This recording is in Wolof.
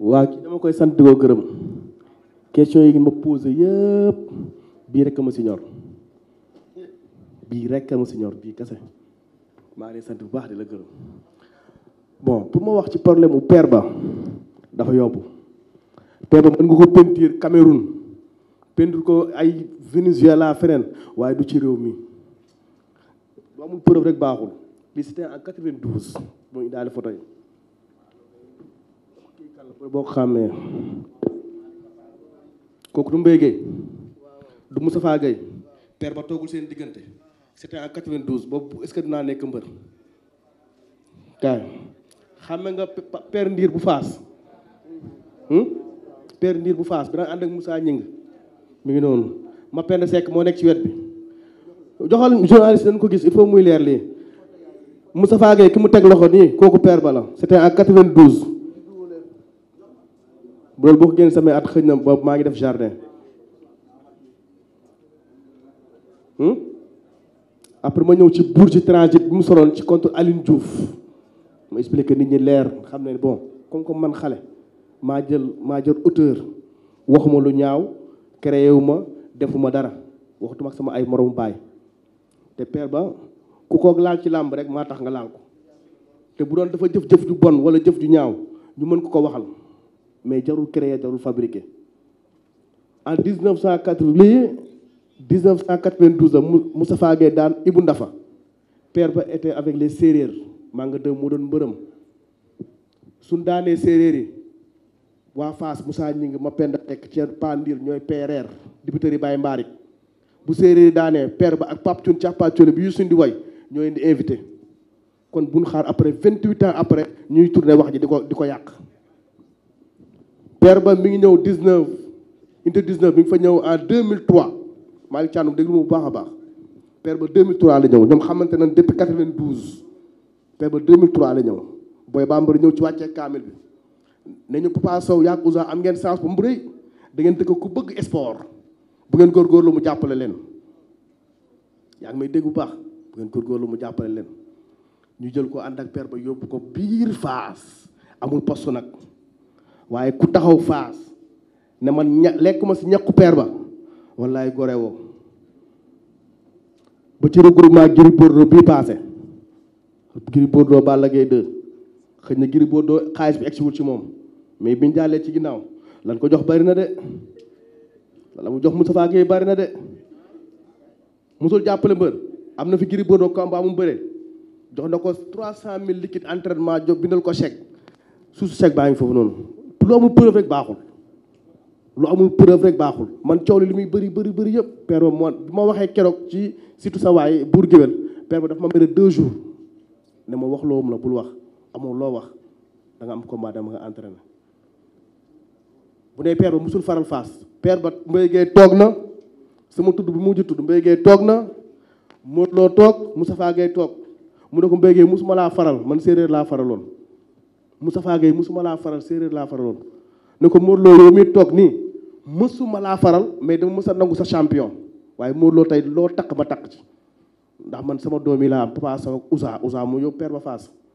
waa kii dama koy sant di ko gërëm question yi ma posé yëpp bii rek ma si ñor bii rek ma si ñor bii kese maa ngi lay sant bu baax de la gërëm bon pour ma wax ci problème mu Père Ba dafa yobbu Père Ba mën nga ko peinture Cameroun peinture ko ay Venezuela feneen waaye du ci réew mi bu amul preuve rek baaxul bi ak en 92 mooy daal photo yi boo xàmmee kooku du Mbaye Gueye du Moustapha Gueye père ba toogul seen diggante c'était en 92 boobu est-ce que dinaa nekk mbër kaay xàmme nga père Ndiir bu Faas hmm? père Ndiir bu Faas bi daan ànd ak Moussa Ñing mi ngi noonu ma pend sekk moo nekk ci wet bi joxal journaliste dañ ko gis il faut muy leer lii Moustapha Gueye ki mu teg loxo nii kooku père ba la c'était en 92 loolu bu gën génn samay at xëñna bob ma ngi def jardin hmm? après ma ñëw ci buur ci transit bu mu soloon ci contre Aline Diouf ma expliquer nit ñi lèr xam ne bon kon ko man xalé ma jël ma jël auteur waxuma lu ñaaw créé wu ma defuma dara waxatuma sama ay morom bay té père ba ku ko laal ci lamb rek ma tax nga laal ko té bu doon dafa jëf-jëf ju bon wala jëf ju ñaaw ñu mën ko ko waxal mais jarul créer jarul fabriquer en 1980 1992 Moustapha Gueye daan Ibou Ndafa père ba était avec les séeréer maa de dem moo doon mbërëm suñ yi Moussa ngi ma pend tek ci pandir ñoy PRR député yi bàyyi mbaarik bu séeréer dané père ba ak Pape ci pap Thioune bi Youssou Ndoye di way indi invité kon buñ xaar après 28 ans après ñuy tourner wax ji di diko yak per ba mi ngi ñëw 19 unité 19 mi ngi fa ñëw en 2003 Malick Thiandoum déglu mu bu baax a baax père ba 2003 la ñëw ñoom xamante nañ depuis 92 père ba 2003 la ñëw booy bambara ñëw ci wàccee kaamil bi ne ñu Papa Sow yaag Ousa am ngeen chance bu mu rëy da ngeen dëkk ku bëgg sport bu ngeen góorgóorlu mu jàppale leen yaa ngi may dégg bu baax bu ngeen góorgóorlu mu jàppale leen ñu jël ko ànd ak per ba yóbbu ko biir Fass amul poste nag waaye ku taxaw faas ne man ña lekkuma si ñàkku peer ba wallaay gore woo ba ci regroupement Gris Bordeaux bii passé Gris Bordeaux Balla Gaye 2 xëy na Gris Bordeaux xaalis bi egsiwul ci moom mais biñ jàllee ci ginnaaw lan ko jox bari na de walla mu jox Moustapha Gueye bari na de musul jàppale mbër am na fi Gris Bordeaux combat mu bëre jox na ko mille liquide entraînement jox bindal ko chèque suuf si chèque baa ngi foofu noonu. lu amul preuve rek baxul lu amul preuve rek baxul man coow li muy beuri beuri bëri yëpp père mo moon waxe kérok ci situ sa way buur géwél père ba daf ma mere deux jours ne ma wax loom la bul wax amo lo wax da nga am combat dama nga entraîner bu père musul faral fas, père ba mbey gay toog na sama tuddu bi mujj tudd mbey gay toog na Modou Lo tok Moustapha Gueye tok mu ne ko mbey gay musuma la faral man séeréer la faralone Moustapha Gueye suma laa faral séeréer laa faraloon ne ko Modou Lo yow mi toog nii mësuma laa faral mais dama mës nangu sa champion waaye Modou Lo loo takk ma takk ci ndax man sama doom yi laa am Papa Sow ak Ousa Ousa mu yóbbu Père ba Fass